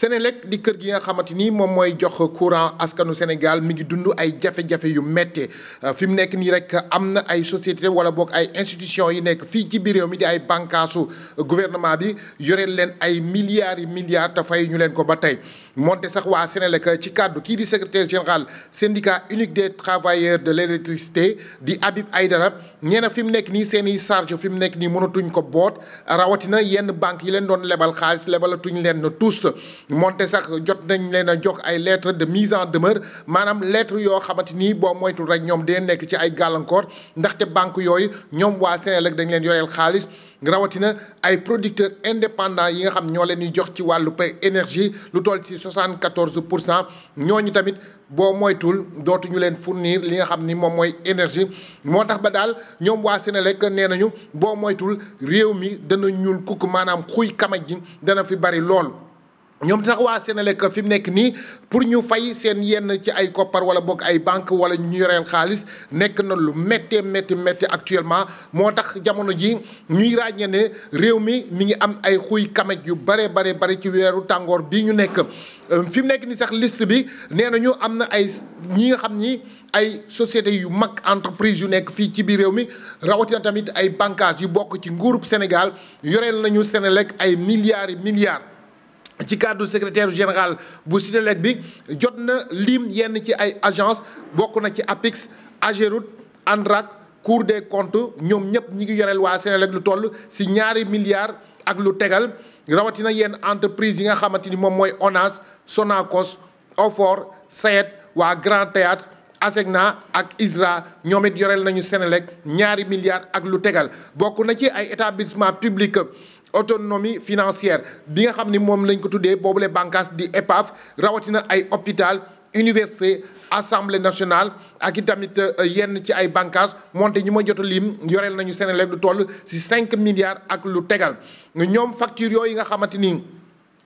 Sénélec di kër gi nga xamante ni moom mooy jox courant askanu Sénégal mi ngi dund ay jafe-jafe yu métti euh, fi mu nekk nii rek am na ay société wala boog ay institution yi nekk fii ci biir réew mi di ay bànkaasu gouvernement bi yore leen ay milliards yi milliards te fay ñu leen ko ba tey moonte sax waa Sénélec ci kàddu kii di secrétaire général syndicat unique des travailleurs de l' électricité di Habib ay ñee na fi mu nekk nii seen i charge fi mu nekk nii mënatuñ ko boot rawatina yenn banques yi leen doon lebal xaalis lebalatuñ leen na tous moonte sax jot nañ leen a jox ay lettres de mise en demeure maanaam lettres yoo xamante ni boo moytul rek ñoom dee nekk ci ay gàllankoor ndaxte banque yooyu ñoom waa Sénélec dañ leen yoreel xaalis rawatina ay producteurs indépendants yi nga xam ñoo leen di jox ci wàllu pay énergie lu toll ci 74 pour cent ñooñu tamit boo moytul dootuñu leen fournir li nga xam ni moom mooy énergie moo tax ba daal ñoom waa Senelec nee nañu boo moytul réew mi dana ñuul kukk maanaam xuy kamaj ji dana fi bari lool. ñoom sax waa Sénélec fi mu nekk nii pour ñu fay seen yenn ci ay koppar wala bokk ay banque wala ñu yoreel xaalis nekk na lu méttee métti métti actuellement moo tax jamono ji ñuy ràññee ne réew mi mi ngi am ay xuy kamaj yu bare bare bare ci weeru tàngoor bii ñu nekk euh, fi mu nekk nii sax list bi nee na ñu am na ay ñi nga xam ni ay sociétés yu mag entreprise yu nekk fii ci biir réew mi rawatina tamit ay bànqaas yu bokk ci nguurub Sénégal yoreel nañu Sénélec ay milliards et milliards ci cadre secrétaire général bu Sénélec bi jot na liim yenn ci ay agence bokk na ci APIX Ageroute ANRAC Cour des comptes ñoom ñëpp ñi ngi yoreel waa Sénélec lu toll si ñaari milliards ak lu tegal rawatina yenn entreprise yi nga xamante ni moom mooy ONAS Sonacos Ofor SAED waa Grand Théâtre ASECNA ak ISRA ñoom it yoreel nañu Sénélec ñaari milliards ak lu tegal bokk na ci ay établissement public autonomie financière bi nga xam ni moom lañ ko tuddee boobule bànqaas di EPAF rawatina ay hôpital université assemblée nationale ak i tamit euh, yenn ci ay bànqaas moonte ñi ma jot liim yoreel nañu Senelec lu toll ci cinq milliards ak lu tegal ñoom facture yooyu nga xamante ni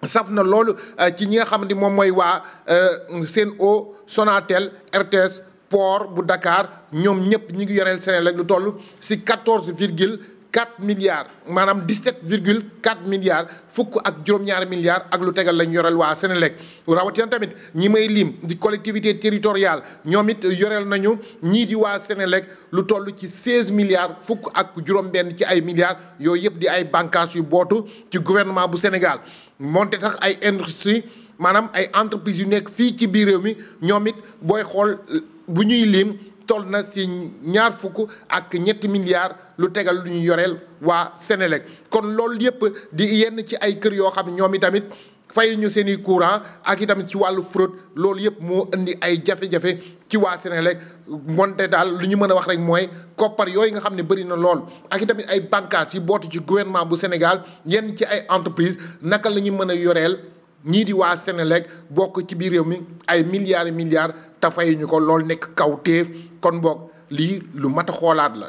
saf na loolu euh, ci ñi nga xam ni moom mooy waa euh, seen o Sonatel RTS port bu Dakar ñoom ñëpp ñi ngi yoreel Senelec lu toll ci quatorze virgule 4 milliards maanaam 17 virgule 4 milliards fukk ak juróom-ñaari milliards ak lu tegal lañ yoreel waa Sénélec rawatina tamit ñi may lim di collectivité territoriale ñoom it yoreel nañu ñii di waa Sénélec lu toll ci 16 milliards fukk ak juróom-benn ci ay milliards yooyu yëpp di ay bànqaas yu bootu ci gouvernement bu Sénégal moonte tax ay industrie maanaam ay entreprises yu nekk fii ci biir réew mi ñoom it booy xool bu ñuy lim. toll na si ñaar fukk ak ñetti milliards lu tegal lu ñu yoreel waa Sénélec kon loolu yëpp di yenn ci ay kër yoo xam ne ñoom itamit fay ñu seen i courant ak itamit ci wàllu fraude loolu yëpp moo indi ay jafe-jafe ci waa Sénélec monte daal lu ñu mën a wax rek mooy koppar yooyu nga xam ne bëri na lool ak itamit ay bànqaas yi bootu ci gouvernement bu Sénégal yenn ci ay entreprise naka la ñu mën a yoreel ñii di waa Sénélec bokk ci biir réew mi ay milliards et te fay ñu ko loolu nekk kaw téef kon boog lii lu mat xoolaat la